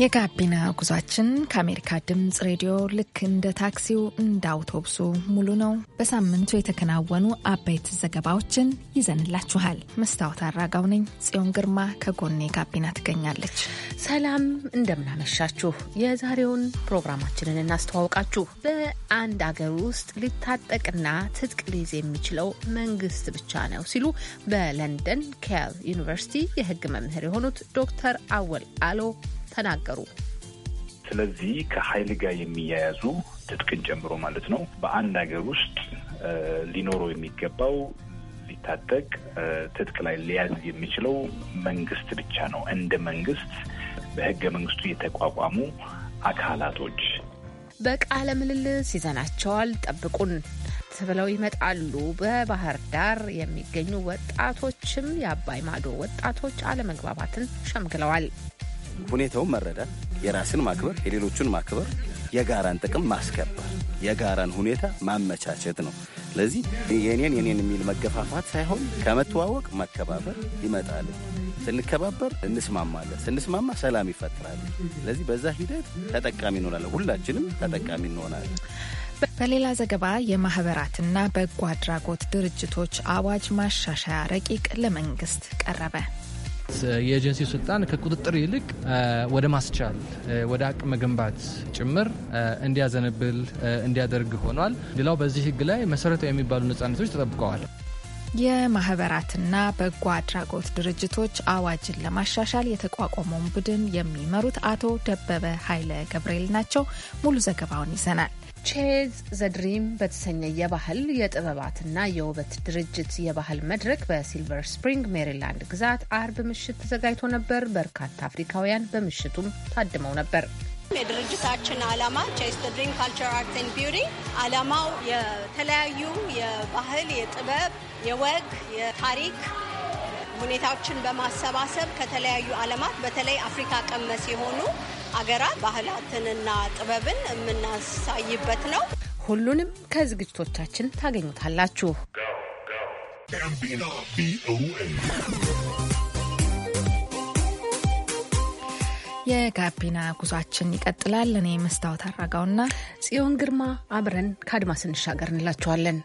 የጋቢና ጉዟችን ከአሜሪካ ድምፅ ሬዲዮ ልክ እንደ ታክሲው እንደ አውቶቡሱ ሙሉ ነው። በሳምንቱ የተከናወኑ አበይት ዘገባዎችን ይዘንላችኋል። መስታወት አራጋው ነኝ። ጽዮን ግርማ ከጎኔ ጋቢና ትገኛለች። ሰላም፣ እንደምናመሻችሁ። የዛሬውን ፕሮግራማችንን እናስተዋውቃችሁ። በአንድ አገር ውስጥ ሊታጠቅና ትጥቅ ሊይዝ የሚችለው መንግስት ብቻ ነው ሲሉ በለንደን ኬል ዩኒቨርሲቲ የህግ መምህር የሆኑት ዶክተር አወል አሎ ተናገሩ። ስለዚህ ከኃይል ጋር የሚያያዙ ትጥቅን ጨምሮ ማለት ነው በአንድ ሀገር ውስጥ ሊኖረው የሚገባው ሊታጠቅ ትጥቅ ላይ ሊያዝ የሚችለው መንግስት ብቻ ነው። እንደ መንግስት በህገ መንግስቱ የተቋቋሙ አካላቶች በቃለ ምልልስ ይዘናቸዋል። ጠብቁን ብለው ይመጣሉ። በባህር ዳር የሚገኙ ወጣቶችም የአባይ ማዶ ወጣቶች አለመግባባትን ሸምግለዋል። ሁኔታውን መረዳት፣ የራስን ማክበር፣ የሌሎቹን ማክበር፣ የጋራን ጥቅም ማስከበር፣ የጋራን ሁኔታ ማመቻቸት ነው። ስለዚህ የኔን የኔን የሚል መገፋፋት ሳይሆን ከመተዋወቅ መከባበር ይመጣል። ስንከባበር እንስማማለን። ስንስማማ ሰላም ይፈጥራል። ስለዚህ በዛ ሂደት ተጠቃሚ እንሆናለን። ሁላችንም ተጠቃሚ እንሆናለን። በሌላ ዘገባ የማህበራትና በጎ አድራጎት ድርጅቶች አዋጅ ማሻሻያ ረቂቅ ለመንግስት ቀረበ። የኤጀንሲ ስልጣን ከቁጥጥር ይልቅ ወደ ማስቻል ወደ አቅም መገንባት ጭምር እንዲያዘነብል እንዲያደርግ ሆኗል። ሌላው በዚህ ህግ ላይ መሰረታዊ የሚባሉ ነጻነቶች ተጠብቀዋል። የማህበራትና በጎ አድራጎት ድርጅቶች አዋጅን ለማሻሻል የተቋቋመውን ቡድን የሚመሩት አቶ ደበበ ኃይለ ገብርኤል ናቸው። ሙሉ ዘገባውን ይዘናል። ቼዝ ዘድሪም በተሰኘ የባህል የጥበባትና የውበት ድርጅት የባህል መድረክ በሲልቨር ስፕሪንግ ሜሪላንድ ግዛት አርብ ምሽት ተዘጋጅቶ ነበር። በርካታ አፍሪካውያን በምሽቱም ታድመው ነበር። የድርጅታችን ዓላማ ቼዝ ዘ ድሪም ካልቸር አርት ን ቢውቲ ዓላማው የተለያዩ የባህል፣ የጥበብ፣ የወግ፣ የታሪክ ሁኔታዎችን በማሰባሰብ ከተለያዩ ዓለማት በተለይ አፍሪካ ቀመስ የሆኑ አገራት ባህላትንና ጥበብን የምናሳይበት ነው። ሁሉንም ከዝግጅቶቻችን ታገኙታላችሁ። የጋቢና ጉዟችን ይቀጥላል። እኔ መስታወት አራጋውና ጽዮን ግርማ አብረን ከአድማስ እንሻገር እንላችኋለን።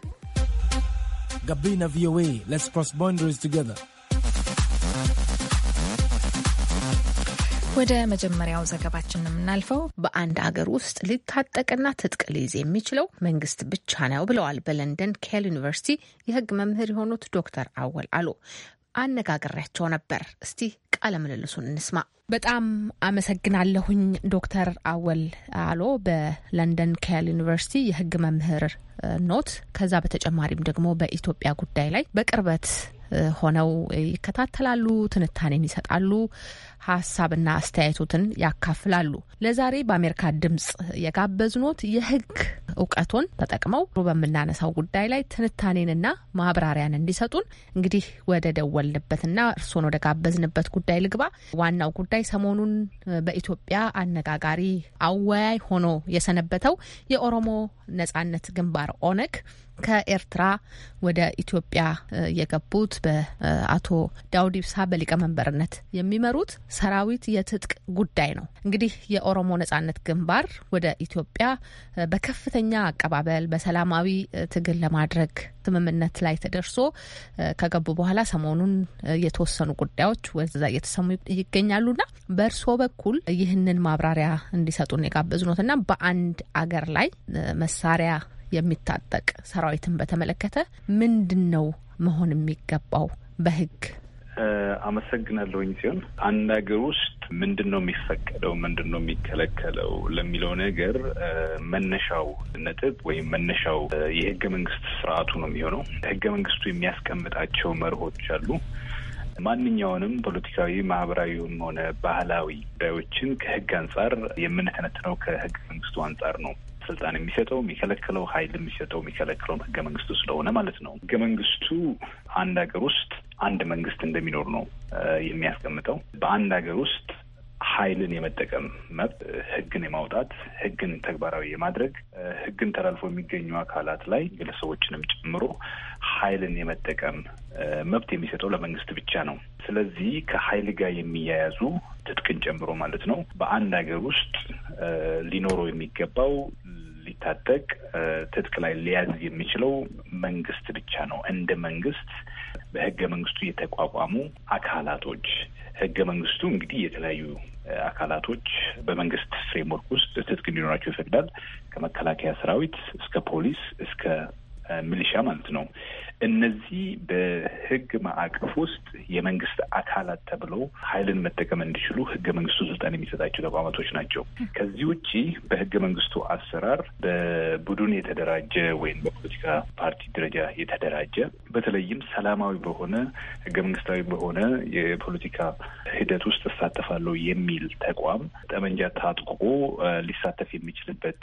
ጋቢና ቪኦኤ ሌትስ ክሮስ ቦንደሪስ ቱጌዘር ወደ መጀመሪያው ዘገባችን የምናልፈው በአንድ አገር ውስጥ ሊታጠቅና ትጥቅ ሊይዝ የሚችለው መንግስት ብቻ ነው ብለዋል በለንደን ኬል ዩኒቨርሲቲ የህግ መምህር የሆኑት ዶክተር አወል አሉ። አነጋግሬያቸው ነበር። እስቲ ቃለ ምልልሱን እንስማ። በጣም አመሰግናለሁኝ ዶክተር አወል አሎ በለንደን ኬል ዩኒቨርሲቲ የህግ መምህር ኖት። ከዛ በተጨማሪም ደግሞ በኢትዮጵያ ጉዳይ ላይ በቅርበት ሆነው ይከታተላሉ፣ ትንታኔን ይሰጣሉ። ሀሳብና አስተያየቶትን ያካፍላሉ። ለዛሬ በአሜሪካ ድምጽ የጋበዝኖት የህግ እውቀቶን ተጠቅመው በምናነሳው ጉዳይ ላይ ትንታኔንና ማብራሪያን እንዲሰጡን እንግዲህ ወደ ደወልንበትና እርስዎን ወደ ጋበዝንበት ጉዳይ ልግባ። ዋናው ጉዳይ ሰሞኑን በኢትዮጵያ አነጋጋሪ አወያይ ሆኖ የሰነበተው የኦሮሞ ነጻነት ግንባር ኦነግ ከኤርትራ ወደ ኢትዮጵያ የገቡት በአቶ ዳውድ ኢብሳ በሊቀመንበርነት የሚመሩት ሰራዊት የትጥቅ ጉዳይ ነው። እንግዲህ የኦሮሞ ነጻነት ግንባር ወደ ኢትዮጵያ በከፍተኛ አቀባበል በሰላማዊ ትግል ለማድረግ ስምምነት ላይ ተደርሶ ከገቡ በኋላ ሰሞኑን የተወሰኑ ጉዳዮች ወዛ እየተሰሙ ይገኛሉና በእርስዎ በኩል ይህንን ማብራሪያ እንዲሰጡን የጋበዙ በአንድ አገር ላይ መሳሪያ የሚታጠቅ ሰራዊትን በተመለከተ ምንድን ነው መሆን የሚገባው በህግ? አመሰግናለሁኝ። ሲሆን አንድ ሀገር ውስጥ ምንድን ነው የሚፈቀደው፣ ምንድን ነው የሚከለከለው ለሚለው ነገር መነሻው ነጥብ ወይም መነሻው የህገ መንግስት ስርዓቱ ነው የሚሆነው። ህገ መንግስቱ የሚያስቀምጣቸው መርሆች አሉ። ማንኛውንም ፖለቲካዊ ማህበራዊም ሆነ ባህላዊ ጉዳዮችን ከህግ አንጻር የምንተነትነው ከህገ መንግስቱ አንጻር ነው። ስልጣን የሚሰጠው የሚከለክለው ኃይል የሚሰጠው የሚከለክለው ህገ መንግስቱ ስለሆነ ማለት ነው። ህገ መንግስቱ አንድ ሀገር ውስጥ አንድ መንግስት እንደሚኖር ነው የሚያስቀምጠው። በአንድ ሀገር ውስጥ ኃይልን የመጠቀም መብት፣ ህግን የማውጣት ህግን ተግባራዊ የማድረግ ህግን ተላልፎ የሚገኙ አካላት ላይ ግለሰቦችንም ጨምሮ ኃይልን የመጠቀም መብት የሚሰጠው ለመንግስት ብቻ ነው። ስለዚህ ከኃይል ጋር የሚያያዙ ትጥቅን ጨምሮ ማለት ነው በአንድ ሀገር ውስጥ ሊኖረው የሚገባው ሊታጠቅ ትጥቅ ላይ ሊያዝ የሚችለው መንግስት ብቻ ነው። እንደ መንግስት በህገ መንግስቱ የተቋቋሙ አካላቶች ህገ መንግስቱ እንግዲህ የተለያዩ አካላቶች በመንግስት ፍሬምወርክ ውስጥ ትጥቅ እንዲኖራቸው ይፈቅዳል። ከመከላከያ ሰራዊት እስከ ፖሊስ እስከ ሚሊሻ ማለት ነው። እነዚህ በህግ ማዕቀፍ ውስጥ የመንግስት አካላት ተብለው ኃይልን መጠቀም እንዲችሉ ህገ መንግስቱ ስልጣን የሚሰጣቸው ተቋማቶች ናቸው። ከዚህ ውጭ በህገ መንግስቱ አሰራር በቡድን የተደራጀ ወይም በፖለቲካ ፓርቲ ደረጃ የተደራጀ በተለይም ሰላማዊ በሆነ ህገ መንግስታዊ በሆነ የፖለቲካ ሂደት ውስጥ እሳተፋለሁ የሚል ተቋም ጠመንጃ ታጥቆ ሊሳተፍ የሚችልበት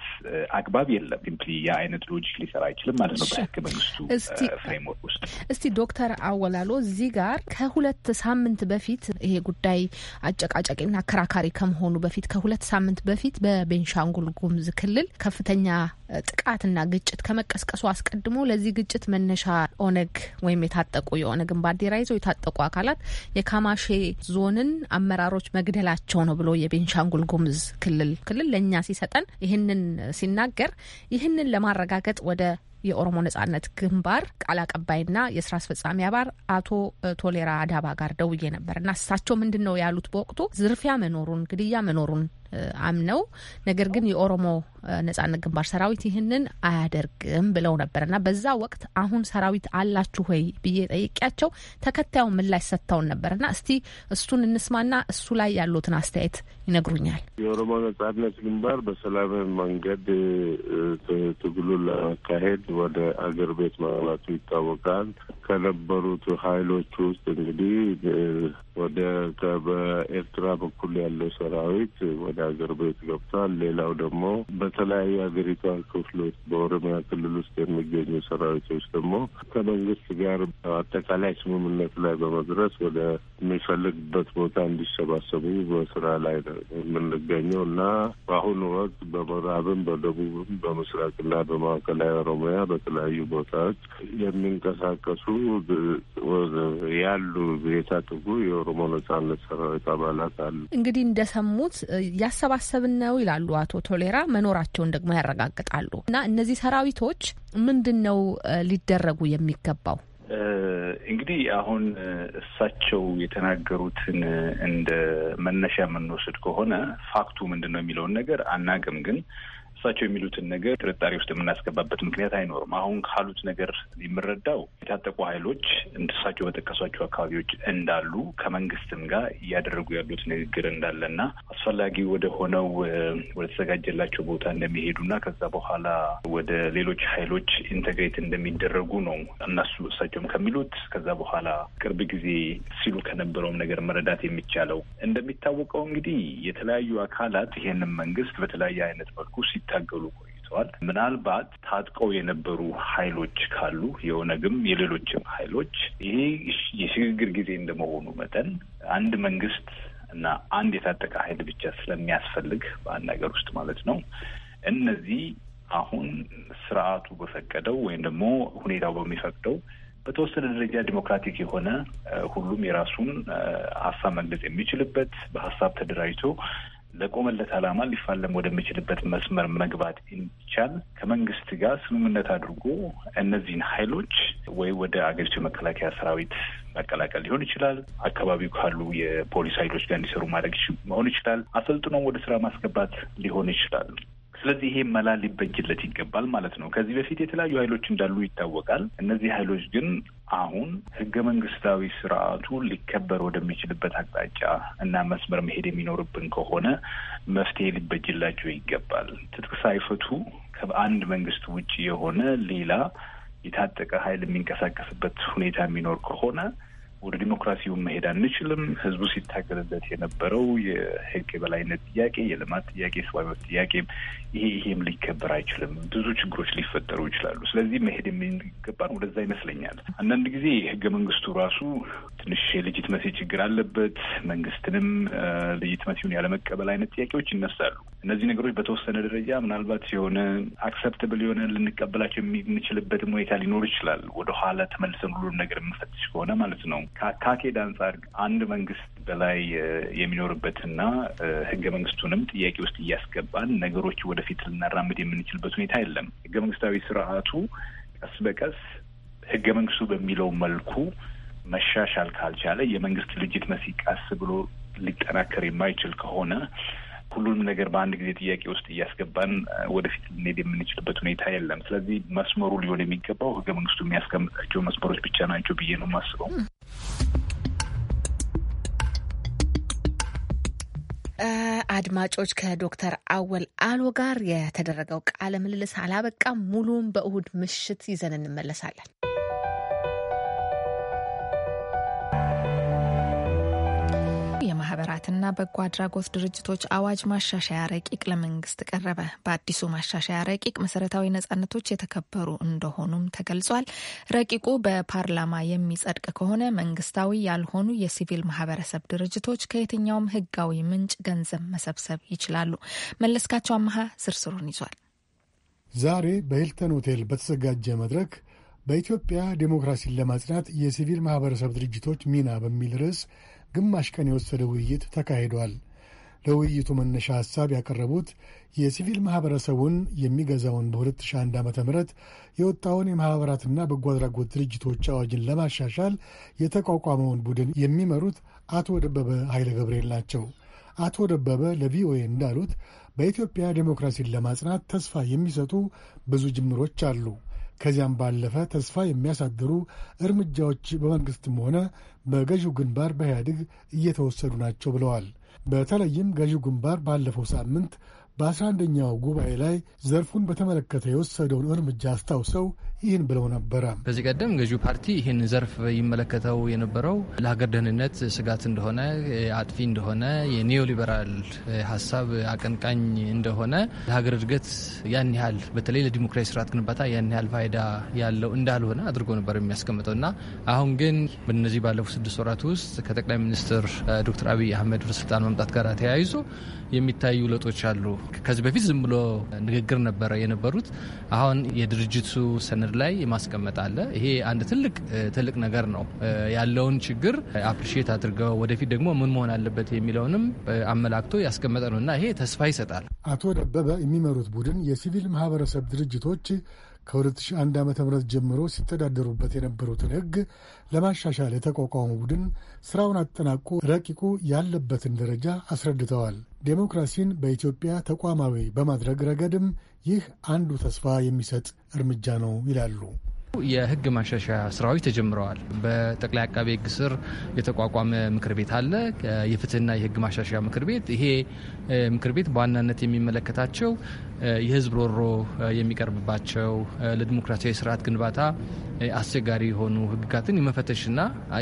አግባብ የለም። ሲምፕሊ የአይነት ሎጂክ ሊሰራ አይችልም ማለት ነው። በህክምንሱ ፍሬምወርክ ውስጥ እስቲ ዶክተር አወላሎ እዚህ ጋር ከሁለት ሳምንት በፊት ይሄ ጉዳይ አጨቃጫቂና አከራካሪ ከመሆኑ በፊት ከሁለት ሳምንት በፊት በቤንሻንጉል ጉሙዝ ክልል ከፍተኛ ጥቃትና ግጭት ከመቀስቀሱ አስቀድሞ ለዚህ ግጭት መነሻ ኦነግ ወይም የታጠቁ የኦነግን ባንዲራ ይዘው የታጠቁ አካላት የካማሼ ዞንን አመራሮች መግደላቸው ነው ብሎ የቤንሻንጉል ጉሙዝ ክልል ክልል ለእኛ ሲሰጠን ይህንን ሲናገር ይህንን ለማረጋገጥ ወደ የኦሮሞ ነጻነት ግንባር ቃል አቀባይና የስራ አስፈጻሚ አባል አቶ ቶሌራ አዳባ ጋር ደውዬ ነበር እና እሳቸው ምንድን ነው ያሉት በወቅቱ ዝርፊያ መኖሩን፣ ግድያ መኖሩን አምነው ነገር ግን የኦሮሞ ነጻነት ግንባር ሰራዊት ይህንን አያደርግም ብለው ነበር እና በዛ ወቅት አሁን ሰራዊት አላችሁ ወይ ብዬ ጠይቄያቸው ተከታዩን ምላሽ ሰጥተውን ነበር እና እስቲ እሱን እንስማና እሱ ላይ ያሉትን አስተያየት ይነግሩኛል። የኦሮሞ ነጻነት ግንባር በሰላም መንገድ ትግሉ ለመካሄድ ወደ አገር ቤት መግባቱ ይታወቃል። ከነበሩት ኃይሎች ውስጥ እንግዲህ ወደ በኤርትራ በኩል ያለው ሰራዊት ወደ አገር ቤት ገብቷል። ሌላው ደግሞ በተለያዩ ሀገሪቷ ክፍሎች በኦሮሚያ ክልል ውስጥ የሚገኙ ሰራዊቶች ደግሞ ከመንግስት ጋር አጠቃላይ ስምምነት ላይ በመድረስ ወደ የሚፈልግበት ቦታ እንዲሰባሰቡ በስራ ላይ የምንገኘው እና በአሁኑ ወቅት በምዕራብም በደቡብም በምስራቅና በማዕከላዊ ኦሮሚያ በተለያዩ ቦታዎች የሚንቀሳቀሱ ያሉ የታጠቁ የኦሮሞ ነጻነት ሰራዊት አባላት አሉ። እንግዲህ እንደሰሙት ያሰባሰብ ነው ይላሉ አቶ ቶሌራ መኖር መኖራቸውን ደግሞ ያረጋግጣሉ። እና እነዚህ ሰራዊቶች ምንድን ነው ሊደረጉ የሚገባው? እንግዲህ አሁን እሳቸው የተናገሩትን እንደ መነሻ የምንወስድ ከሆነ ፋክቱ ምንድን ነው የሚለውን ነገር አናቅም ግን እሳቸው የሚሉትን ነገር ጥርጣሬ ውስጥ የምናስገባበት ምክንያት አይኖርም። አሁን ካሉት ነገር የምረዳው የታጠቁ ኃይሎች እሳቸው በጠቀሷቸው አካባቢዎች እንዳሉ ከመንግስትም ጋር እያደረጉ ያሉት ንግግር እንዳለና አስፈላጊ ወደ ሆነው ወደ ተዘጋጀላቸው ቦታ እንደሚሄዱና ከዛ በኋላ ወደ ሌሎች ኃይሎች ኢንተግሬት እንደሚደረጉ ነው እነሱ እሳቸውም ከሚሉት ከዛ በኋላ ቅርብ ጊዜ ሲሉ ከነበረውም ነገር መረዳት የሚቻለው እንደሚታወቀው እንግዲህ የተለያዩ አካላት ይሄንን መንግስት በተለያየ አይነት መልኩ ሲታገሉ ቆይተዋል። ምናልባት ታጥቀው የነበሩ ኃይሎች ካሉ የኦነግም የሌሎችም ኃይሎች ይሄ የሽግግር ጊዜ እንደመሆኑ መጠን አንድ መንግስት እና አንድ የታጠቀ ኃይል ብቻ ስለሚያስፈልግ በአንድ ሀገር ውስጥ ማለት ነው እነዚህ አሁን ስርዓቱ በፈቀደው ወይም ደግሞ ሁኔታው በሚፈቅደው በተወሰነ ደረጃ ዲሞክራቲክ የሆነ ሁሉም የራሱን ሀሳብ መግለጽ የሚችልበት በሀሳብ ተደራጅቶ ለቆመለት ዓላማ ሊፋለም ወደሚችልበት መስመር መግባት እንዲቻል ከመንግስት ጋር ስምምነት አድርጎ እነዚህን ኃይሎች ወይ ወደ አገሪቱ የመከላከያ ሰራዊት መቀላቀል ሊሆን ይችላል። አካባቢው ካሉ የፖሊስ ኃይሎች ጋር እንዲሰሩ ማድረግ መሆን ይችላል። አሰልጥኖም ወደ ስራ ማስገባት ሊሆን ይችላል። ስለዚህ ይሄ መላ ሊበጅለት ይገባል ማለት ነው። ከዚህ በፊት የተለያዩ ኃይሎች እንዳሉ ይታወቃል። እነዚህ ኃይሎች ግን አሁን ህገ መንግስታዊ ስርዓቱ ሊከበር ወደሚችልበት አቅጣጫ እና መስመር መሄድ የሚኖርብን ከሆነ መፍትሄ ሊበጅላቸው ይገባል። ትጥቅ ሳይፈቱ ከአንድ መንግስት ውጭ የሆነ ሌላ የታጠቀ ኃይል የሚንቀሳቀስበት ሁኔታ የሚኖር ከሆነ ወደ ዲሞክራሲው መሄድ አንችልም። ህዝቡ ሲታገልለት የነበረው የህግ የበላይነት ጥያቄ፣ የልማት ጥያቄ፣ የሰብአዊ መብት ጥያቄ ይሄ ይሄም ሊከበር አይችልም። ብዙ ችግሮች ሊፈጠሩ ይችላሉ። ስለዚህ መሄድ የሚገባን ወደዛ ይመስለኛል። አንዳንድ ጊዜ ህገ መንግስቱ ራሱ ትንሽ የልጅት መሴ ችግር አለበት። መንግስትንም ልጅት መሲሁን ያለመቀበል አይነት ጥያቄዎች ይነሳሉ። እነዚህ ነገሮች በተወሰነ ደረጃ ምናልባት የሆነ አክሰፕተብል የሆነ ልንቀበላቸው የምንችልበትም ሁኔታ ሊኖር ይችላል። ወደኋላ ተመልሰን ሁሉን ነገር የምንፈትሽ ከሆነ ማለት ነው። ከአካቴድ አንጻር አንድ መንግስት በላይ የሚኖርበትና ህገ መንግስቱንም ጥያቄ ውስጥ እያስገባን ነገሮች ወደፊት ልናራምድ የምንችልበት ሁኔታ የለም። ህገ መንግስታዊ ስርዓቱ ቀስ በቀስ ህገ መንግስቱ በሚለው መልኩ መሻሻል ካልቻለ የመንግስት ልጅት መሲ ቀስ ብሎ ሊጠናከር የማይችል ከሆነ ሁሉንም ነገር በአንድ ጊዜ ጥያቄ ውስጥ እያስገባን ወደፊት ልንሄድ የምንችልበት ሁኔታ የለም። ስለዚህ መስመሩ ሊሆን የሚገባው ህገ መንግስቱ የሚያስቀምጣቸው መስመሮች ብቻ ናቸው ብዬ ነው የማስበው። አድማጮች ከዶክተር አወል አሎ ጋር የተደረገው ቃለ ምልልስ አላበቃም። ሙሉም በእሁድ ምሽት ይዘን እንመለሳለን። ማህበራትና በጎ አድራጎት ድርጅቶች አዋጅ ማሻሻያ ረቂቅ ለመንግስት ቀረበ። በአዲሱ ማሻሻያ ረቂቅ መሰረታዊ ነጻነቶች የተከበሩ እንደሆኑም ተገልጿል። ረቂቁ በፓርላማ የሚጸድቅ ከሆነ መንግስታዊ ያልሆኑ የሲቪል ማህበረሰብ ድርጅቶች ከየትኛውም ህጋዊ ምንጭ ገንዘብ መሰብሰብ ይችላሉ። መለስካቸው አመሃ ዝርዝሩን ይዟል። ዛሬ በሂልተን ሆቴል በተዘጋጀ መድረክ በኢትዮጵያ ዴሞክራሲን ለማጽናት የሲቪል ማህበረሰብ ድርጅቶች ሚና በሚል ርዕስ ግማሽ ቀን የወሰደ ውይይት ተካሂዷል። ለውይይቱ መነሻ ሐሳብ ያቀረቡት የሲቪል ማኅበረሰቡን የሚገዛውን በ2001 ዓ ም የወጣውን የማኅበራትና በጎ አድራጎት ድርጅቶች አዋጅን ለማሻሻል የተቋቋመውን ቡድን የሚመሩት አቶ ደበበ ኃይለ ገብርኤል ናቸው። አቶ ደበበ ለቪኦኤ እንዳሉት በኢትዮጵያ ዴሞክራሲን ለማጽናት ተስፋ የሚሰጡ ብዙ ጅምሮች አሉ። ከዚያም ባለፈ ተስፋ የሚያሳድሩ እርምጃዎች በመንግሥትም ሆነ በገዢው ግንባር በኢህአዴግ እየተወሰዱ ናቸው ብለዋል። በተለይም ገዢው ግንባር ባለፈው ሳምንት በ11ኛው ጉባኤ ላይ ዘርፉን በተመለከተ የወሰደውን እርምጃ አስታውሰው ይህን ብለው ነበረ። ከዚህ ቀደም ገዢው ፓርቲ ይህን ዘርፍ ይመለከተው የነበረው ለሀገር ደህንነት ስጋት እንደሆነ፣ አጥፊ እንደሆነ፣ የኒዮሊበራል ሀሳብ አቀንቃኝ እንደሆነ፣ ለሀገር እድገት ያን ያህል በተለይ ለዲሞክራሲ ስርዓት ግንባታ ያን ያህል ፋይዳ ያለው እንዳልሆነ አድርጎ ነበር የሚያስቀምጠው እና አሁን ግን በነዚህ ባለፉት ስድስት ወራት ውስጥ ከጠቅላይ ሚኒስትር ዶክተር አብይ አህመድ ወደ ስልጣን መምጣት ጋር ተያይዞ የሚታዩ ለውጦች አሉ። ከዚህ በፊት ዝም ብሎ ንግግር ነበረ የነበሩት። አሁን የድርጅቱ ሰነድ ላይ ማስቀመጥ አለ። ይሄ አንድ ትልቅ ትልቅ ነገር ነው። ያለውን ችግር አፕሪሺየት አድርገው ወደፊት ደግሞ ምን መሆን አለበት የሚለውንም አመላክቶ ያስቀመጠ ነው እና ይሄ ተስፋ ይሰጣል። አቶ ደበበ የሚመሩት ቡድን የሲቪል ማህበረሰብ ድርጅቶች ከ2001 ዓ ም ጀምሮ ሲተዳደሩበት የነበሩትን ሕግ ለማሻሻል የተቋቋመው ቡድን ስራውን አጠናቆ ረቂቁ ያለበትን ደረጃ አስረድተዋል። ዴሞክራሲን በኢትዮጵያ ተቋማዊ በማድረግ ረገድም ይህ አንዱ ተስፋ የሚሰጥ እርምጃ ነው ይላሉ። የህግ ማሻሻያ ስራዎች ተጀምረዋል። በጠቅላይ አቃቤ ህግ ስር የተቋቋመ ምክር ቤት አለ። የፍትህና የህግ ማሻሻያ ምክር ቤት። ይሄ ምክር ቤት በዋናነት የሚመለከታቸው የህዝብ ሮሮ የሚቀርብባቸው ለዲሞክራሲያዊ ስርዓት ግንባታ አስቸጋሪ የሆኑ ህግጋትን የመፈተሽና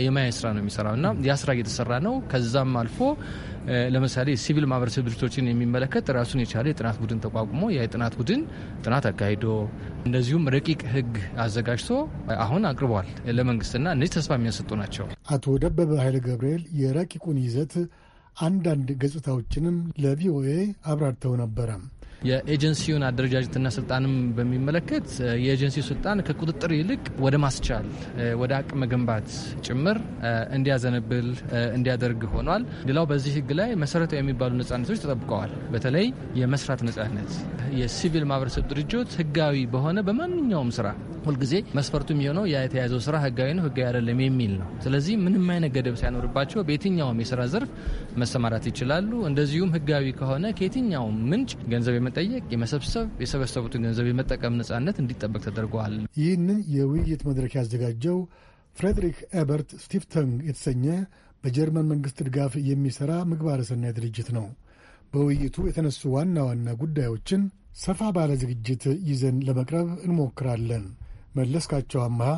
የማያ ስራ ነው የሚሰራው እና ያ ስራ እየተሰራ ነው። ከዛም አልፎ ለምሳሌ ሲቪል ማህበረሰብ ድርጅቶችን የሚመለከት ራሱን የቻለ የጥናት ቡድን ተቋቁሞ ያ የጥናት ቡድን ጥናት አካሂዶ እንደዚሁም ረቂቅ ህግ አዘጋጅቶ አሁን አቅርቧል ለመንግስትና እነዚህ ተስፋ የሚያሰጡ ናቸው። አቶ ደበበ ኃይለ ገብርኤል የረቂቁን ይዘት አንዳንድ ገጽታዎችንም ለቪኦኤ አብራርተው ነበረም። የኤጀንሲውን አደረጃጀትና ስልጣንም በሚመለከት የኤጀንሲው ስልጣን ከቁጥጥር ይልቅ ወደ ማስቻል ወደ አቅም መገንባት ጭምር እንዲያዘነብል እንዲያደርግ ሆኗል። ሌላው በዚህ ህግ ላይ መሰረታዊ የሚባሉ ነጻነቶች ተጠብቀዋል። በተለይ የመስራት ነጻነት የሲቪል ማህበረሰብ ድርጅት ህጋዊ በሆነ በማንኛውም ስራ ሁልጊዜ መስፈርቱ የሚሆነው ያ የተያዘው ስራ ህጋዊ ነው፣ ህጋዊ አይደለም የሚል ነው። ስለዚህ ምንም አይነት ገደብ ሳይኖርባቸው በየትኛውም የስራ ዘርፍ መሰማራት ይችላሉ። እንደዚሁም ህጋዊ ከሆነ ከየትኛውም ምንጭ ገንዘብ የመጠየቅ፣ የመሰብሰብ፣ የሰበሰቡትን ገንዘብ የመጠቀም ነጻነት እንዲጠበቅ ተደርገዋል። ይህንን የውይይት መድረክ ያዘጋጀው ፍሬድሪክ ኤበርት ስቲፍተንግ የተሰኘ በጀርመን መንግስት ድጋፍ የሚሠራ ምግባረ ሰናይ ድርጅት ነው። በውይይቱ የተነሱ ዋና ዋና ጉዳዮችን ሰፋ ባለ ዝግጅት ይዘን ለመቅረብ እንሞክራለን። መለስካቸው አመሃ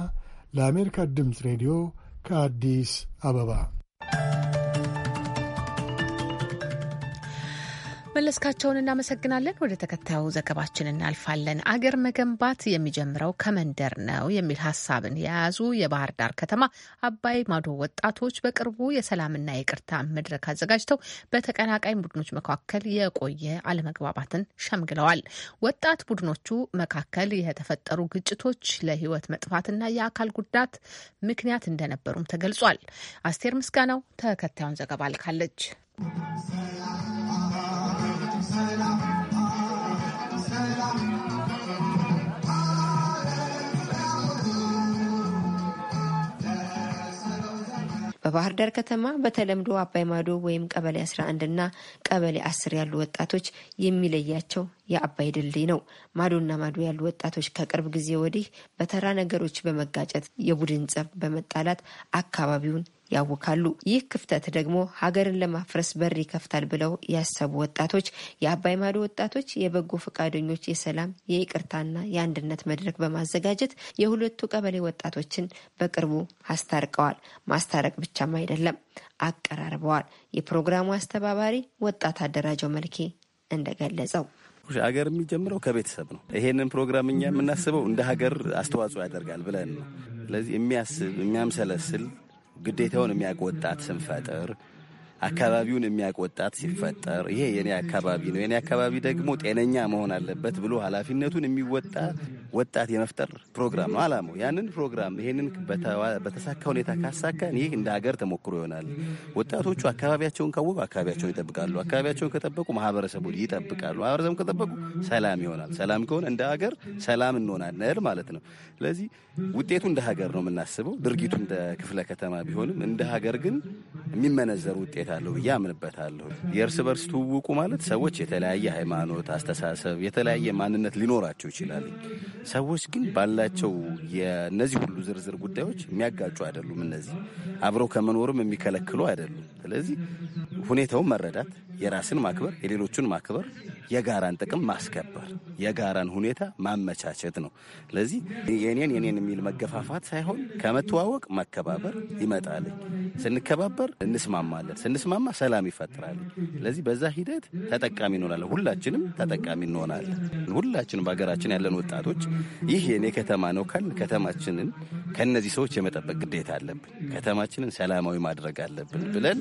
ለአሜሪካ ድምፅ ሬዲዮ ከአዲስ አበባ መለስካቸውን እናመሰግናለን። ወደ ተከታዩ ዘገባችን እናልፋለን። አገር መገንባት የሚጀምረው ከመንደር ነው የሚል ሀሳብን የያዙ የባህር ዳር ከተማ አባይ ማዶ ወጣቶች በቅርቡ የሰላምና የቅርታ መድረክ አዘጋጅተው በተቀናቃኝ ቡድኖች መካከል የቆየ አለመግባባትን ሸምግለዋል። ወጣት ቡድኖቹ መካከል የተፈጠሩ ግጭቶች ለህይወት መጥፋትና የአካል ጉዳት ምክንያት እንደነበሩም ተገልጿል። አስቴር ምስጋናው ተከታዩን ዘገባ ልካለች። በባህር ዳር ከተማ በተለምዶ አባይ ማዶ ወይም ቀበሌ 11 እና ቀበሌ 10 ያሉ ወጣቶች የሚለያቸው የአባይ ድልድይ ነው። ማዶና ማዶ ያሉ ወጣቶች ከቅርብ ጊዜ ወዲህ በተራ ነገሮች በመጋጨት የቡድን ጸብ በመጣላት አካባቢውን ያውካሉ። ይህ ክፍተት ደግሞ ሀገርን ለማፍረስ በር ይከፍታል ብለው ያሰቡ ወጣቶች፣ የአባይ ማዶ ወጣቶች፣ የበጎ ፈቃደኞች የሰላም የይቅርታና የአንድነት መድረክ በማዘጋጀት የሁለቱ ቀበሌ ወጣቶችን በቅርቡ አስታርቀዋል። ማስታረቅ ብቻም አይደለም አቀራርበዋል። የፕሮግራሙ አስተባባሪ ወጣት አደራጀው መልኬ እንደገለጸው ሀገር የሚጀምረው ከቤተሰብ ነው። ይሄንን ፕሮግራም እኛ የምናስበው እንደ ሀገር አስተዋጽኦ ያደርጋል ብለን ነው። ስለዚህ የሚያስብ የሚያምሰለስል ግዴታውን የሚያውቅ ወጣት ስንፈጥር አካባቢውን የሚያውቅ ወጣት ሲፈጠር ይሄ የኔ አካባቢ ነው፣ የኔ አካባቢ ደግሞ ጤነኛ መሆን አለበት ብሎ ኃላፊነቱን የሚወጣ ወጣት የመፍጠር ፕሮግራም ነው አላማው። ያንን ፕሮግራም ይሄንን በተሳካ ሁኔታ ካሳካን ይህ እንደ ሀገር ተሞክሮ ይሆናል። ወጣቶቹ አካባቢያቸውን ካወቁ አካባቢያቸውን ይጠብቃሉ። አካባቢያቸውን ከጠበቁ ማህበረሰቡ ይጠብቃሉ። ማህበረሰቡ ከጠበቁ ሰላም ይሆናል። ሰላም ከሆነ እንደ ሀገር ሰላም እንሆናለን ማለት ነው። ስለዚህ ውጤቱ እንደ ሀገር ነው የምናስበው። ድርጊቱ እንደ ክፍለ ከተማ ቢሆንም እንደ ሀገር ግን የሚመነዘር ውጤት አገኝበታለሁ ብዬ አምንበታለሁ። የእርስ በርስ ትውውቁ ማለት ሰዎች የተለያየ ሃይማኖት፣ አስተሳሰብ፣ የተለያየ ማንነት ሊኖራቸው ይችላል። ሰዎች ግን ባላቸው የእነዚህ ሁሉ ዝርዝር ጉዳዮች የሚያጋጩ አይደሉም። እነዚህ አብረው ከመኖርም የሚከለክሉ አይደሉም። ስለዚህ ሁኔታውን መረዳት፣ የራስን ማክበር፣ የሌሎቹን ማክበር የጋራን ጥቅም ማስከበር፣ የጋራን ሁኔታ ማመቻቸት ነው። ስለዚህ የኔን የኔን የሚል መገፋፋት ሳይሆን ከመተዋወቅ መከባበር ይመጣል። ስንከባበር እንስማማለን፣ ስንስማማ ሰላም ይፈጥራል። ስለዚህ በዛ ሂደት ተጠቃሚ እንሆናለን፣ ሁላችንም ተጠቃሚ እንሆናለን። ሁላችንም በሀገራችን ያለን ወጣቶች ይህ የኔ ከተማ ነው ካል ከተማችንን ከእነዚህ ሰዎች የመጠበቅ ግዴታ አለብን። ከተማችንን ሰላማዊ ማድረግ አለብን ብለን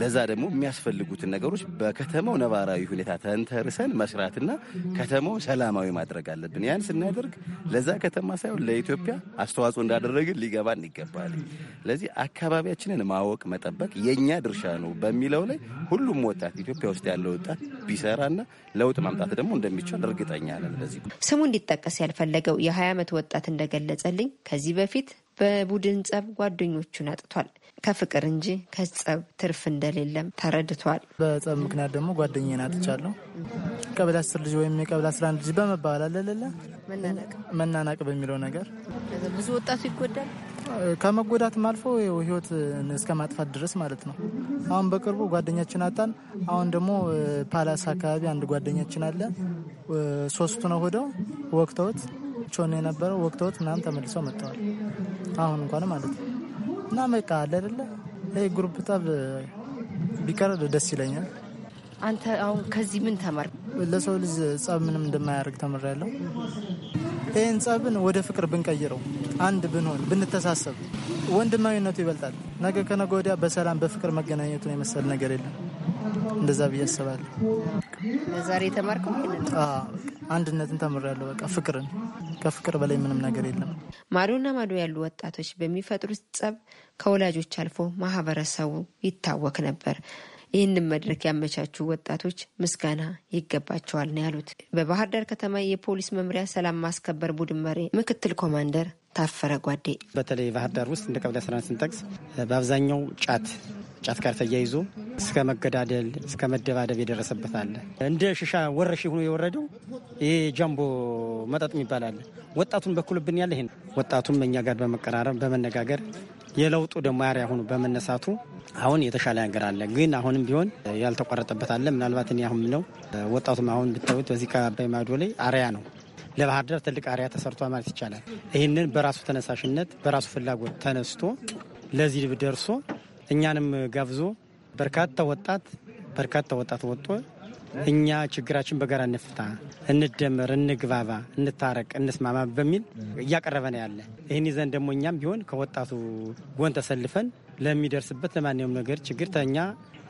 ለዛ ደግሞ የሚያስፈልጉትን ነገሮች በከተማው ነባራዊ ሁኔታ ተንተር መልሰን መስራትና ከተማው ሰላማዊ ማድረግ አለብን። ያን ስናደርግ ለዛ ከተማ ሳይሆን ለኢትዮጵያ አስተዋጽኦ እንዳደረግን ሊገባን ይገባል። ስለዚህ አካባቢያችንን ማወቅ፣ መጠበቅ የእኛ ድርሻ ነው በሚለው ላይ ሁሉም ወጣት ኢትዮጵያ ውስጥ ያለው ወጣት ቢሰራና ለውጥ ማምጣት ደግሞ እንደሚቻል እርግጠኛ ነን። በዚህ ስሙ እንዲጠቀስ ያልፈለገው የ20 ዓመት ወጣት እንደገለጸልኝ ከዚህ በፊት በቡድን ጸብ ጓደኞቹን አጥቷል። ከፍቅር እንጂ ከጸብ ትርፍ እንደሌለም ተረድቷል። በጸብ ምክንያት ደግሞ ጓደኛዬን አጥቻለሁ። ቀበሌ አስር ልጅ ወይም የቀበሌ አስራ አንድ ልጅ በመባል አለለለ መናናቅ በሚለው ነገር ብዙ ወጣቱ ይጎዳል። ከመጎዳትም አልፎ ህይወት እስከ ማጥፋት ድረስ ማለት ነው። አሁን በቅርቡ ጓደኛችን አጣን። አሁን ደግሞ ፓላስ አካባቢ አንድ ጓደኛችን አለ። ሶስቱ ነው ሆደው ወቅተውት ወቅቾ የነበረው። ወቅቶት ምናምን ተመልሰው መጥተዋል። አሁን እንኳን ማለት ነው እና በቃ አለ አይደለ ይህ ግሩፕ ጠብ ቢቀር ደስ ይለኛል። አንተ አሁን ከዚህ ምን ተመር? ለሰው ልጅ ጸብ ምንም እንደማያደርግ ተምር ያለው ይህን ጸብን ወደ ፍቅር ብንቀይረው፣ አንድ ብንሆን፣ ብንተሳሰብ ወንድማዊነቱ ይበልጣል። ነገ ከነገ ወዲያ በሰላም በፍቅር መገናኘቱን የመሰል ነገር የለም። እንደዛ ብዬ አስባለሁ። ዛሬ የተማርከው አንድነትን ተምሬያለሁ። በቃ ፍቅርን፣ ከፍቅር በላይ ምንም ነገር የለም። ማዶና ማዶ ያሉ ወጣቶች በሚፈጥሩት ጸብ ከወላጆች አልፎ ማህበረሰቡ ይታወክ ነበር። ይህንን መድረክ ያመቻቹ ወጣቶች ምስጋና ይገባቸዋል ነው ያሉት በባህር ዳር ከተማ የፖሊስ መምሪያ ሰላም ማስከበር ቡድን መሪ ምክትል ኮማንደር ታፈረ ጓዴ። በተለይ ባህር ዳር ውስጥ እንደ ቀበሌ ስራን ስንጠቅስ በአብዛኛው ጫት ጫት ጋር ተያይዞ እስከ መገዳደል እስከ መደባደብ የደረሰበት አለ። እንደ ሽሻ ወረሽ ሆኖ የወረደው ይህ ጃምቦ መጠጥ የሚባል አለ። ወጣቱን በኩልብን ያለ ይሄ ወጣቱም እኛ ጋር በመቀራረብ በመነጋገር የለውጡ ደግሞ አርያ ሆኖ በመነሳቱ አሁን የተሻለ ነገር አለ። ግን አሁንም ቢሆን ያልተቋረጠበት አለ። ምናልባት እኔ አሁን ምለው ወጣቱም አሁን ብታዩት በዚህ ከአባይ ማዶ ላይ አሪያ ነው ለባህር ዳር ትልቅ አሪያ ተሰርቷል ማለት ይቻላል። ይህንን በራሱ ተነሳሽነት በራሱ ፍላጎት ተነስቶ ለዚህ ደርሶ እኛንም ጋብዞ በርካታ ወጣት በርካታ ወጣት ወጥቶ እኛ ችግራችን በጋራ እንፍታ፣ እንደምር፣ እንግባባ፣ እንታረቅ፣ እንስማማ በሚል እያቀረበ ነው ያለ። ይህን ይዘን ደግሞ እኛም ቢሆን ከወጣቱ ጎን ተሰልፈን ለሚደርስበት ለማንኛውም ነገር ችግር ተኛ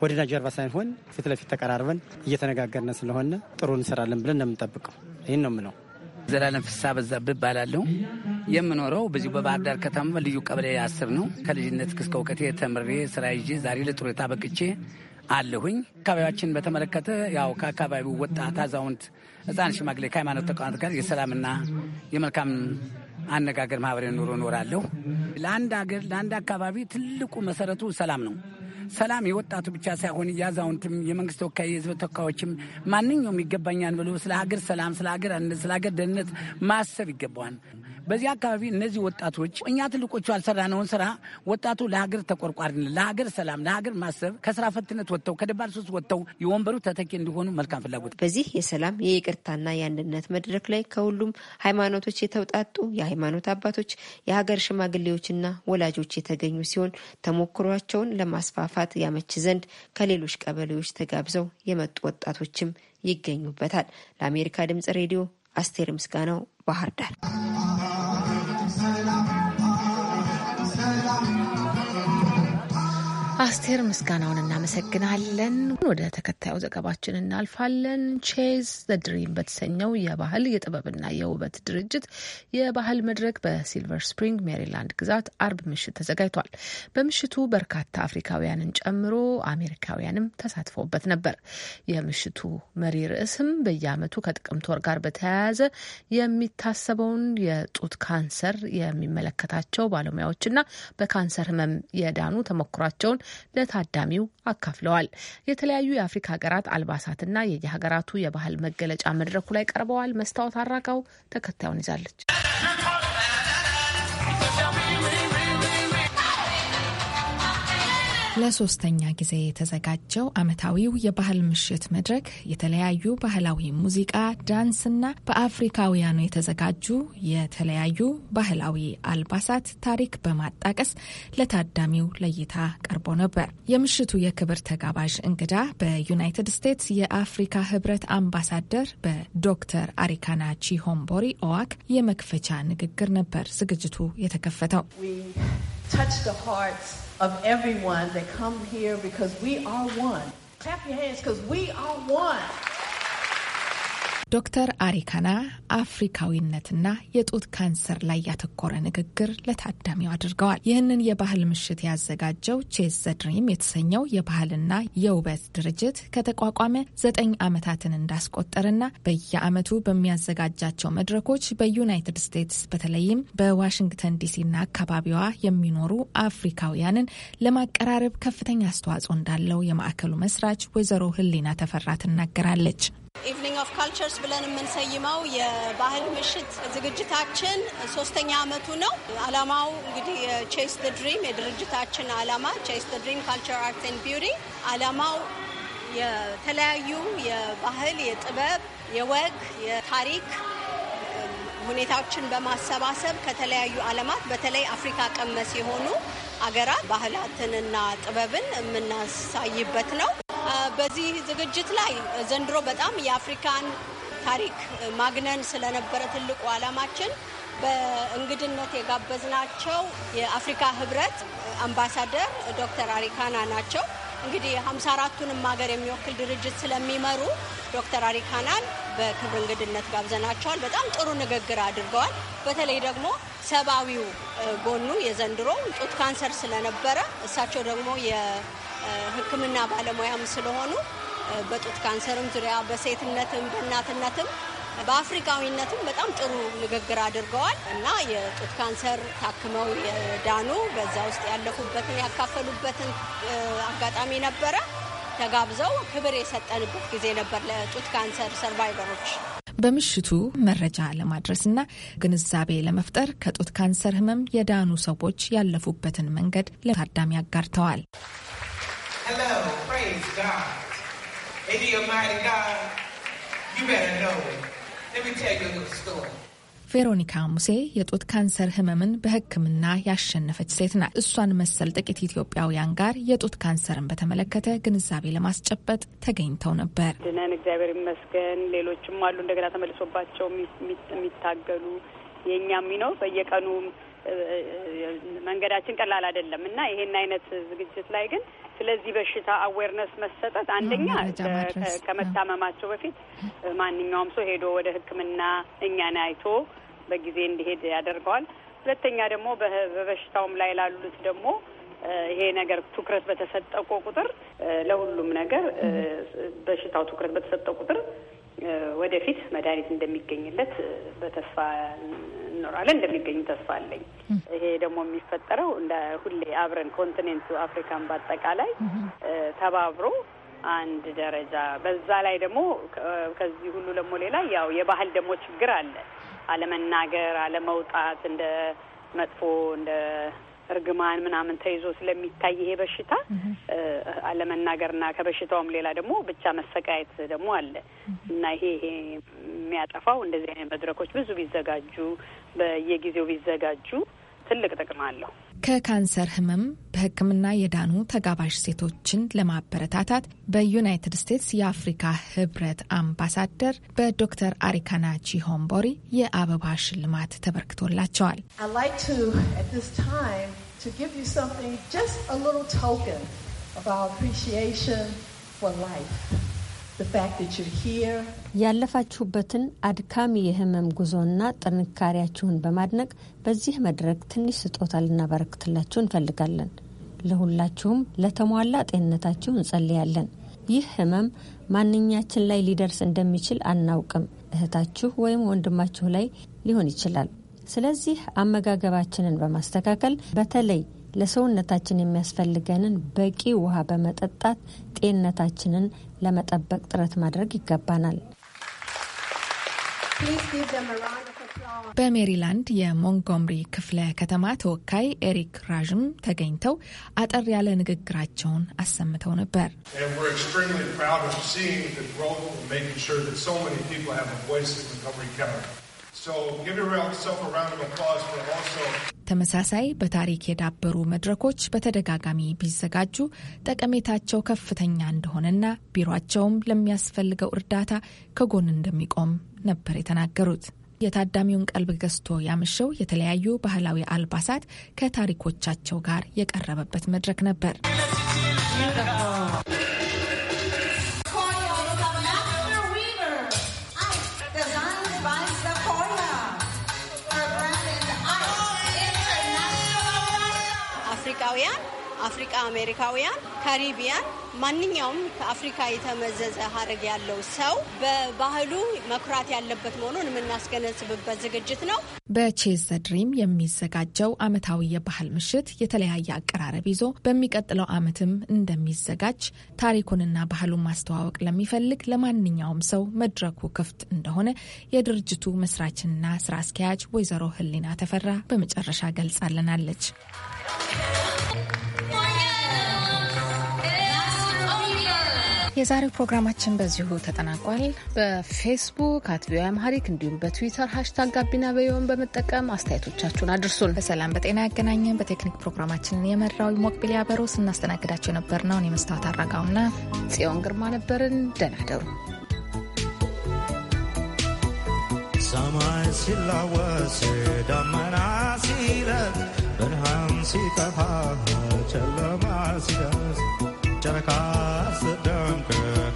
ወደና ጀርባ ሳይሆን ፊት ለፊት ተቀራርበን እየተነጋገርን ስለሆነ ጥሩ እንሰራለን ብለን ነው የምንጠብቀው። ይህን ነው ምነው። ዘላለም ፍስሐ በዛብህ እባላለሁ። የምኖረው በዚሁ በባህር ዳር ከተማ ልዩ ቀበሌ አስር ነው። ከልጅነት እስከ እውቀቴ ተምሬ ስራ ይዤ ዛሬ ለጡረታ በቅቼ አለሁኝ። አካባቢያችን በተመለከተ ያው ከአካባቢው ወጣት፣ አዛውንት፣ ህፃን፣ ሽማግሌ ከሃይማኖት ተቋማት ጋር የሰላምና የመልካም አነጋገር ማህበሬ ኑሮ እኖራለሁ። ለአንድ ሀገር ለአንድ አካባቢ ትልቁ መሰረቱ ሰላም ነው። ሰላም የወጣቱ ብቻ ሳይሆን የአዛውንትም፣ የመንግስት ተወካይ፣ የህዝብ ተወካዮችም ማንኛውም ይገባኛል ብሎ ስለ ሀገር ሰላም፣ ስለ ሀገር አንድነት፣ ስለ ሀገር ደህንነት ማሰብ ይገባዋል። በዚህ አካባቢ እነዚህ ወጣቶች እኛ ትልቆቹ ያልሰራነውን ስራ ወጣቱ ለሀገር ተቆርቋሪነት፣ ለሀገር ሰላም፣ ለሀገር ማሰብ ከስራ ፈትነት ወጥተው ከደባል ሶስት ወጥተው የወንበሩ ተተኪ እንዲሆኑ መልካም ፍላጎት በዚህ የሰላም የይቅርታና የአንድነት መድረክ ላይ ከሁሉም ሃይማኖቶች የተውጣጡ የሃይማኖት አባቶች፣ የሀገር ሽማግሌዎችና ወላጆች የተገኙ ሲሆን ተሞክሯቸውን ለማስፋፋት ያመች ዘንድ ከሌሎች ቀበሌዎች ተጋብዘው የመጡ ወጣቶችም ይገኙበታል። ለአሜሪካ ድምጽ ሬዲዮ አስቴር ምስጋናው ባህር ዳር አስቴር ምስጋናውን እናመሰግናለን። ወደ ተከታዩ ዘገባችን እናልፋለን። ቼዝ ዘ ድሪም በተሰኘው የባህል የጥበብና የውበት ድርጅት የባህል መድረክ በሲልቨር ስፕሪንግ ሜሪላንድ ግዛት አርብ ምሽት ተዘጋጅቷል። በምሽቱ በርካታ አፍሪካውያንን ጨምሮ አሜሪካውያንም ተሳትፎበት ነበር። የምሽቱ መሪ ርዕስም በየአመቱ ከጥቅምት ወር ጋር በተያያዘ የሚታሰበውን የጡት ካንሰር የሚመለከታቸው ባለሙያዎችና በካንሰር ህመም የዳኑ ተሞክሯቸውን ለታዳሚው አካፍለዋል። የተለያዩ የአፍሪካ ሀገራት አልባሳትና የየሀገራቱ የባህል መገለጫ መድረኩ ላይ ቀርበዋል። መስታወት አራጋው ተከታዩን ይዛለች። ለሶስተኛ ጊዜ የተዘጋጀው ዓመታዊው የባህል ምሽት መድረክ የተለያዩ ባህላዊ ሙዚቃ፣ ዳንስና በአፍሪካውያኑ የተዘጋጁ የተለያዩ ባህላዊ አልባሳት ታሪክ በማጣቀስ ለታዳሚው ለእይታ ቀርቦ ነበር። የምሽቱ የክብር ተጋባዥ እንግዳ በዩናይትድ ስቴትስ የአፍሪካ ህብረት አምባሳደር በዶክተር አሪካና ቺሆምቦሪ ኦዋክ የመክፈቻ ንግግር ነበር ዝግጅቱ የተከፈተው። of everyone that come here because we are one. Clap your hands because we are one. ዶክተር አሪካና አፍሪካዊነትና የጡት ካንሰር ላይ ያተኮረ ንግግር ለታዳሚው አድርገዋል። ይህንን የባህል ምሽት ያዘጋጀው ቼዝ ዘድሪም የተሰኘው የባህልና የውበት ድርጅት ከተቋቋመ ዘጠኝ ዓመታትን እንዳስቆጠርና በየዓመቱ በሚያዘጋጃቸው መድረኮች በዩናይትድ ስቴትስ በተለይም በዋሽንግተን ዲሲና አካባቢዋ የሚኖሩ አፍሪካውያንን ለማቀራረብ ከፍተኛ አስተዋጽኦ እንዳለው የማዕከሉ መስራች ወይዘሮ ህሊና ተፈራ ትናገራለች። ኢቭኒንግ ኦፍ ካልቸርስ ብለን የምንሰይመው የባህል ምሽት ዝግጅታችን ሶስተኛ ዓመቱ ነው። አላማው እንግዲህ ቼስ ደ ድሪም የድርጅታችን አላማ ቼስ ደ ድሪም ካልቸር አርት ኤንድ ቢውቲ አላማው የተለያዩ የባህል፣ የጥበብ፣ የወግ፣ የታሪክ ሁኔታዎችን በማሰባሰብ ከተለያዩ አለማት በተለይ አፍሪካ ቀመስ የሆኑ አገራት ባህላትንና ጥበብን የምናሳይበት ነው። በዚህ ዝግጅት ላይ ዘንድሮ በጣም የአፍሪካን ታሪክ ማግነን ስለነበረ ትልቁ ዓላማችን በእንግድነት የጋበዝናቸው የአፍሪካ ህብረት አምባሳደር ዶክተር አሪካና ናቸው። እንግዲህ ሀምሳ አራቱንም ሀገር የሚወክል ድርጅት ስለሚመሩ ዶክተር አሪካናን በክብር እንግድነት ጋብዘናቸዋል። በጣም ጥሩ ንግግር አድርገዋል። በተለይ ደግሞ ሰብአዊው ጎኑ የዘንድሮ ጡት ካንሰር ስለነበረ እሳቸው ደግሞ ሕክምና ባለሙያም ስለሆኑ በጡት ካንሰርም ዙሪያ በሴትነትም በእናትነትም በአፍሪካዊነትም በጣም ጥሩ ንግግር አድርገዋል እና የጡት ካንሰር ታክመው የዳኑ በዛ ውስጥ ያለፉበትን ያካፈሉበትን አጋጣሚ ነበረ። ተጋብዘው ክብር የሰጠንበት ጊዜ ነበር ለጡት ካንሰር ሰርቫይቨሮች። በምሽቱ መረጃ ለማድረስና ግንዛቤ ለመፍጠር ከጡት ካንሰር ህመም የዳኑ ሰዎች ያለፉበትን መንገድ ለታዳሚ አጋርተዋል። Hello, praise God. If you're a mighty God, you better know it. Let me tell you a little story. ቬሮኒካ ሙሴ የጡት ካንሰር ህመምን በሕክምና ያሸነፈች ሴት ናት። እሷን መሰል ጥቂት ኢትዮጵያውያን ጋር የጡት ካንሰርን በተመለከተ ግንዛቤ ለማስጨበጥ ተገኝተው ነበር። ድነን እግዚአብሔር ይመስገን። ሌሎችም አሉ እንደገና ተመልሶባቸው የሚታገሉ የእኛም ነው በየቀኑ መንገዳችን ቀላል አይደለም እና ይሄን አይነት ዝግጅት ላይ ግን ስለዚህ በሽታ አዌርነስ መሰጠት አንደኛ ከመታመማቸው በፊት ማንኛውም ሰው ሄዶ ወደ ሕክምና እኛን አይቶ በጊዜ እንዲሄድ ያደርገዋል። ሁለተኛ ደግሞ በበሽታውም ላይ ላሉት ደግሞ ይሄ ነገር ትኩረት በተሰጠቆ ቁጥር ለሁሉም ነገር በሽታው ትኩረት በተሰጠው ቁጥር ወደፊት መድኃኒት እንደሚገኝለት በተስፋ እንኖራለን እንደሚገኙ ተስፋ አለኝ። ይሄ ደግሞ የሚፈጠረው እንደ ሁሌ አብረን ኮንቲኔንቱ አፍሪካን በአጠቃላይ ተባብሮ አንድ ደረጃ በዛ ላይ ደግሞ ከዚህ ሁሉ ደግሞ ሌላ ያው የባህል ደግሞ ችግር አለ። አለመናገር፣ አለመውጣት እንደ መጥፎ እንደ እርግማን ምናምን ተይዞ ስለሚታይ ይሄ በሽታ አለመናገርና ከበሽታውም ሌላ ደግሞ ብቻ መሰቃየት ደግሞ አለ እና ይሄ ይሄ የሚያጠፋው እንደዚህ አይነት መድረኮች ብዙ ቢዘጋጁ፣ በየጊዜው ቢዘጋጁ ትልቅ ጥቅም አለው። ከካንሰር ህመም በሕክምና የዳኑ ተጋባዥ ሴቶችን ለማበረታታት በዩናይትድ ስቴትስ የአፍሪካ ህብረት አምባሳደር በዶክተር አሪካና ቺሆምቦሪ የአበባ ሽልማት ተበርክቶላቸዋል። ያለፋችሁበትን አድካሚ የህመም ጉዞና ጥንካሬያችሁን በማድነቅ በዚህ መድረክ ትንሽ ስጦታ ልናበረክትላችሁ እንፈልጋለን። ለሁላችሁም ለተሟላ ጤንነታችሁ እንጸልያለን። ይህ ህመም ማንኛችን ላይ ሊደርስ እንደሚችል አናውቅም። እህታችሁ ወይም ወንድማችሁ ላይ ሊሆን ይችላል። ስለዚህ አመጋገባችንን በማስተካከል በተለይ ለሰውነታችን የሚያስፈልገንን በቂ ውሃ በመጠጣት ጤንነታችንን ለመጠበቅ ጥረት ማድረግ ይገባናል። በሜሪላንድ የሞንጎምሪ ክፍለ ከተማ ተወካይ ኤሪክ ራዥም ተገኝተው አጠር ያለ ንግግራቸውን አሰምተው ነበር። ተመሳሳይ በታሪክ የዳበሩ መድረኮች በተደጋጋሚ ቢዘጋጁ ጠቀሜታቸው ከፍተኛ እንደሆነና ቢሮቸውም ለሚያስፈልገው እርዳታ ከጎን እንደሚቆም ነበር የተናገሩት። የታዳሚውን ቀልብ ገዝቶ ያመሸው የተለያዩ ባህላዊ አልባሳት ከታሪኮቻቸው ጋር የቀረበበት መድረክ ነበር። አውሮፓውያን፣ አፍሪካ አሜሪካውያን፣ ካሪቢያን ማንኛውም ከአፍሪካ የተመዘዘ ሀረግ ያለው ሰው በባህሉ መኩራት ያለበት መሆኑን የምናስገነዝብበት ዝግጅት ነው። በቼዝ ዘድሪም የሚዘጋጀው አመታዊ የባህል ምሽት የተለያየ አቀራረብ ይዞ በሚቀጥለው ዓመትም እንደሚዘጋጅ ታሪኩንና ባህሉን ማስተዋወቅ ለሚፈልግ ለማንኛውም ሰው መድረኩ ክፍት እንደሆነ የድርጅቱ መስራችና ስራ አስኪያጅ ወይዘሮ ህሊና ተፈራ በመጨረሻ ገልጻልናለች። የዛሬው ፕሮግራማችን በዚሁ ተጠናቋል። በፌስቡክ አት ቪኦኤ እንዲሁም በትዊተር ሃሽታግ ጋቢና ቪኦኤን በመጠቀም አስተያየቶቻችሁን አድርሱን። በሰላም በጤና ያገናኘን። በቴክኒክ ፕሮግራማችንን የመራው ሞቅቢል ያበሮ፣ ስናስተናግዳቸው የነበር ነውን የመስታወት አረጋውና ጽዮን ግርማ ነበርን። ደህና ደሩ። ሰማይ ሲላወስ ደመና ሲለት ብርሃን ሲጠፋ ጨለማ ሲደርስ ጨረቃ ስደምቅ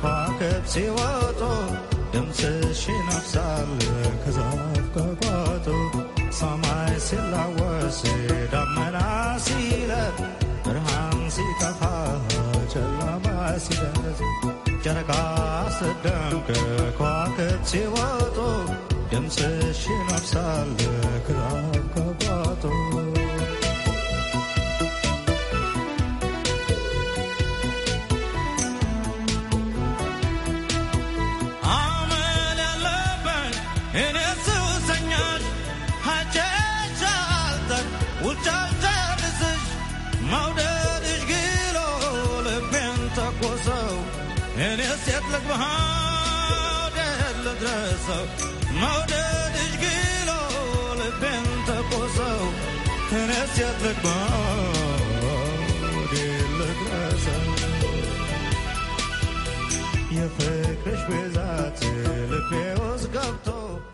ከዋክብት ሲወጡ ድምፅሽ ይነፍሳል ከዛፍ ከቋጡ ሰማይ ሲላወስ ደመና ሲለት ብርሃን ሲከፋ ጨለማ ሲደርስ ጨረቃ ስደምቅ ከዋክብት ሲወጡ ድምፅሽ ይነፍሳል ከዛፍ ከቋጡ እኔስ የት ልግባ ልድረሰው መውደድሽ ኪሎ ልቤን ተቆሰው እኔስ የት ልግባ ልድረሰው የፍቅርሽ ብዛት ልቤ ውስጥ ገብቶ